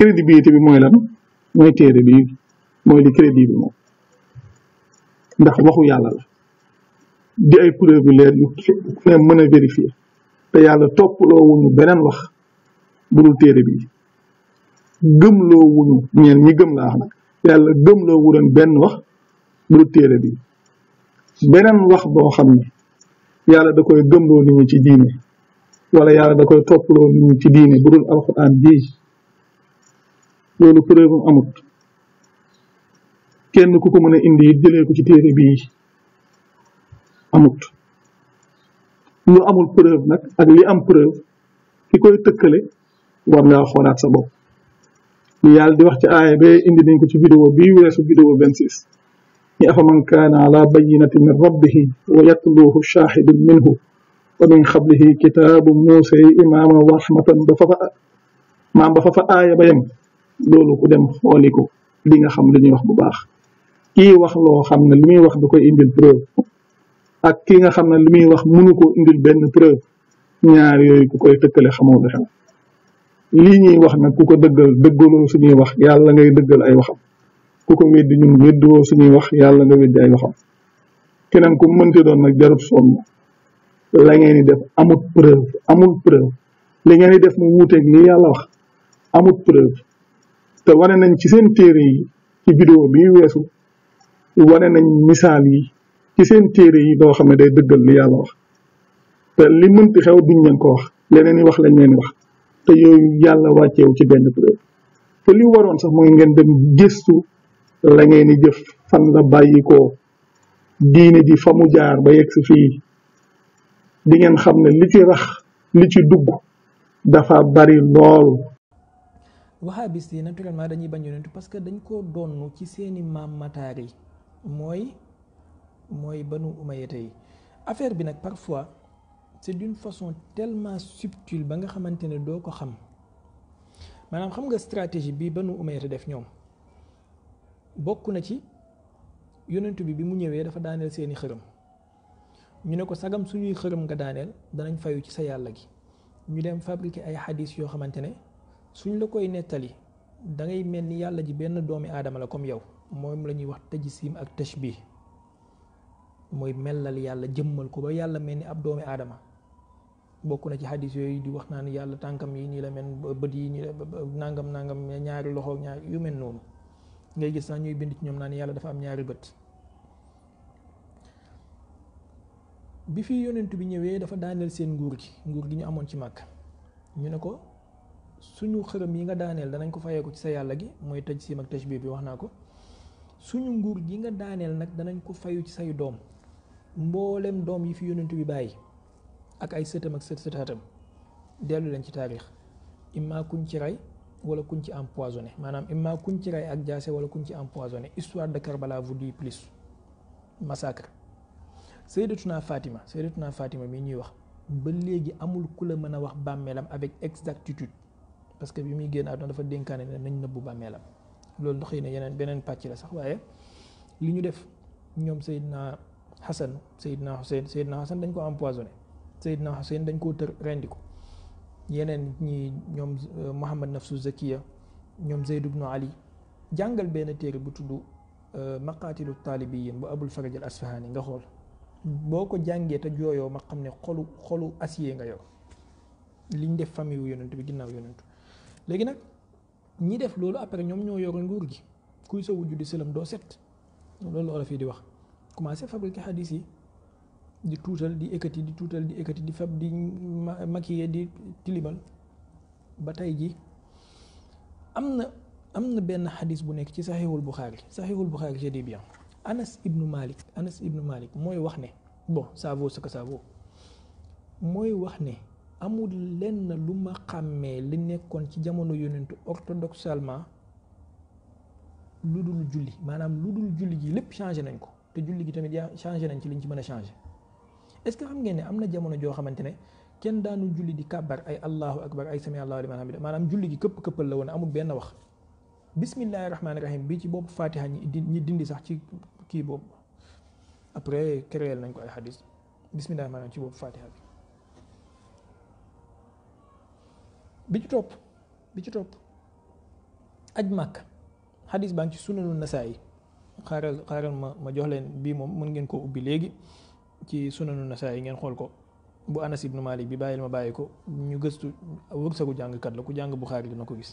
crédibilité bi mooy lan mooy téere bi mooy li crédit bi moom ndax waxu yàlla la di ay preuve yu leer mën a vérifier te yàlla topploo wuñu beneen wax bu téere bi gëmloo wuñu ñeen gëm laa yàlla gëmloo wu leen benn wax bu dul téere bi beneen wax boo xam ne yàlla da koy gëmloo nit ñi ci diine wala yàlla da koy topploo nit ñi ci diine bu dul alxuraan bii loolu preuve amut kenn ku ko mën a indi it jëlee ko ci téere bii amut lu amul preuve nag ak li am preuve ki koy tëkkale war ngaa xoolaat sa bopp li yàlla di wax ci aaya ba indi nañ ko ci vidéo bii weesu vidéo 26 ni afa man kaana ala bayinati min rabbihi wa yatluuhu shahidun minhu wa min qablihi kitaabu muusa imaaman wa rahmatan ba fafa maam ba fafa aaya ba yem loolu ku dem xooli ko li nga xam li ñuy wax bu baax ki wax loo xam ne li muy wax da koy indil preuve ak ki nga xam ne li muy wax mënu ko indil benn preuve ñaar yooyu ku koy tëkkale xamoo lu xew lii ñuy wax nag ku ko dëggal dëggaloo suñuy wax yàlla ngay dëggal ay waxam ku ko weddi ñun weddiwoo wax yàlla nga weddi ay waxam keneen ku mënti doon nag jarut sonn la ngeen di def amut preuve amul preuve li ngeen di def mu wuuteeg li yàlla wax amut preuve te wane nañ ci seen téere yi ci vidéo bi weesu wane nañ misaal yi ci seen téere yi loo xam ne day dëggal li yàlla wax te li mënti xew duñ leen ko wax leneen i wax lañ leen wax te yooyu yàlla wàcceewu ci benn kuréel te li waroon sax mooy ngeen dem gëstu la ngeen di jëf fan la bàyyikoo ko diine ji fa mu jaar ba yegg si fii di ngeen xam ne li ci rax li ci dugg dafa bari lool. wahabis yi naturellement dañuy bañ yonentu parce que dañ koo donn ci seeni maam mataar yi mooy mooy banu umayate yi affaire bi nag parfois c'est d'une façon tellement subtile ba nga xamante ne doo ko xam maanaam xam nga stratégie bi banu umayate def ñoom bokk na ci yonentu bi bi mu ñëwee dafa daaneel seeni xërëm ñu ne ko sagam suñuy xërëm nga daaneel danañ fayu ci sa yàlla gi ñu dem fabriquer ay xadis yoo xamante ne suñ la koy nettali dangay mel ni yàlla ji benn doomi aadama la comme yow moom la ñuy wax tajsiim ak bi mooy mellal yàlla jëmmal ko ba yàlla mel ni ab doomi aadama bokk na ci xadis yooyu di wax naa ni yàlla tànkam yi nii la mel bët yi nii la nangam nangam ñaari loxo ñaari yu mel noonu ngay gis naa ñuy bind ci ñoom naa ni yàlla dafa am ñaari bët bi fi yonent bi ñëwee dafa daaneel seen nguur gi nguur gi ñu amoon ci màkk ñu ne ko suñu xërëm yi nga daaneel danañ ko fayeeku ci sa yàlla gi mooy tëj siim ak tëj bii bi wax naa ko suñu nguur gi nga daaneel nag danañ ko fayu ci say doom mboolem doom yi fi yonent bi bàyyi ak ay sëtam ak sët sëtaatam dellu leen ci taarix imma kuñ ci rey wala kuñ ci empoisonné maanaam imma kuñ ci rey ak jaase wala kuñ ci empoisonné histoire de Karbala vous dit plus massacre Sayyidatuna Fatima Sayyidatuna Fatima mi ñuy wax ba léegi amul ku la mën a wax bàmmeelam avec exactitude parce que bi muy génn àdduna dafa dénkaane ne nañ nëbbu bàmmeelam loolu xëy na yeneen beneen pàcc la sax waaye li ñu def ñoom seyd Seydina Hassan Seydina Hussein Seydina Hassan dañ ko empoisonné Seydina Hussein dañ koo tër rendi ko yeneen ñi ñoom euh, Mouhamad Nafsu Zakiya ñoom Zeyd ibnu Ali jàngal benn téere bu tudd euh, maqaatilu taalibiyin bu abul faraj al asfahani nga xool boo ko jàngee te jooyoo ma xam ne xolu xolu acier nga yor liñ def famille wu yonent bi ginnaaw yonentu léegi nag ñi def loolu après ñoom ñoo yoroon nguur gi kuy sa wujju di sëlam doo set loolu la fii di wax commencé fabriquer xadis yi di tuutal di ekkati di tuutal di ekkati di fab di maquiller di tilimal ba tey ji am na am na benn xadis bu nekk ci saxiixul Buxaari saxiixul Buxaari je dis bien Anas ibnu Malik Anas ibnu Malik mooy wax ne bon ça vaut ce mooy wax ne. amul lenn lu ma xàmmee li nekkoon ci jamono yonentu orthodoxalement lu dul julli maanaam lu dul julli ji lépp changé nañ ko te julli gi tamit yaa changé nañ ci li liñ ci mën a changé est-ce que xam ngeen ne am na jamono joo xamante ne kenn daanu julli di kàbbar ay allahu akbar ay sami allahu liman hamida maanaam julli gi këpp këppal la woon amul benn wax bismillahi rahmaani rahim bi ci boobu fatiha ñi dindi sax ci kii boobu après créel nañ ko ay hadis bismillahi rahmaani ci boobu fatiha bi ci topp bi ci topp aj màkk xadis bank ngi ci sunanu nasaa yi xaaral xaaral ma ma jox leen bii moom mën ngeen koo ubbi léegi ci sunanu nasaa yi ngeen xool ko bu anas ibnu malik bi bàyyil ma bàyyi ko ñu gëstu wërsëgu jàngkat la ku jàng bu xaari dina ko gis